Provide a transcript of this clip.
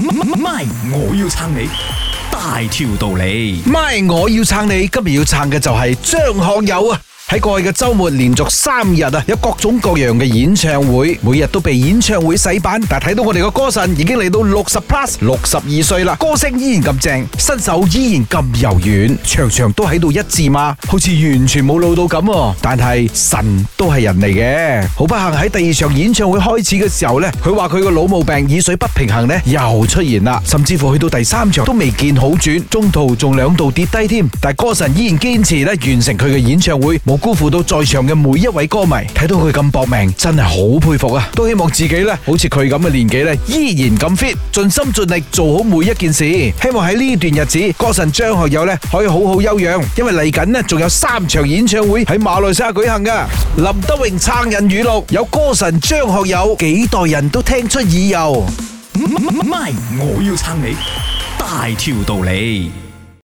咪，我要撐你，大條道理。咪，我要撐你，今日要撐嘅就係張學友啊！喺過去嘅周末，連續三日啊，有各種各樣嘅演唱會，每日都被演唱會洗版。但睇到我哋嘅歌神已經嚟到六十 plus 六十二歲啦，歌聲依然咁正，身手依然咁柔軟，場場都喺度一字馬，好似完全冇老到咁。但係神都係人嚟嘅，好不幸喺第二場演唱會開始嘅時候呢，佢話佢個老毛病耳水不平衡呢，又出現啦，甚至乎去到第三場都未見好轉，中途仲兩度跌低添。但係歌神依然堅持咧完成佢嘅演唱會。冇。辜負到在場嘅每一位歌迷，睇到佢咁搏命，真係好佩服啊！都希望自己呢，好似佢咁嘅年紀呢，依然咁 fit，盡心盡力做好每一件事。希望喺呢段日子，歌神張學友呢，可以好好休養，因為嚟緊呢，仲有三場演唱會喺馬來西亞舉行噶。林德榮撐人語錄，有歌神張學友，幾代人都聽出耳油。唔咪，我要撐你，大條道理。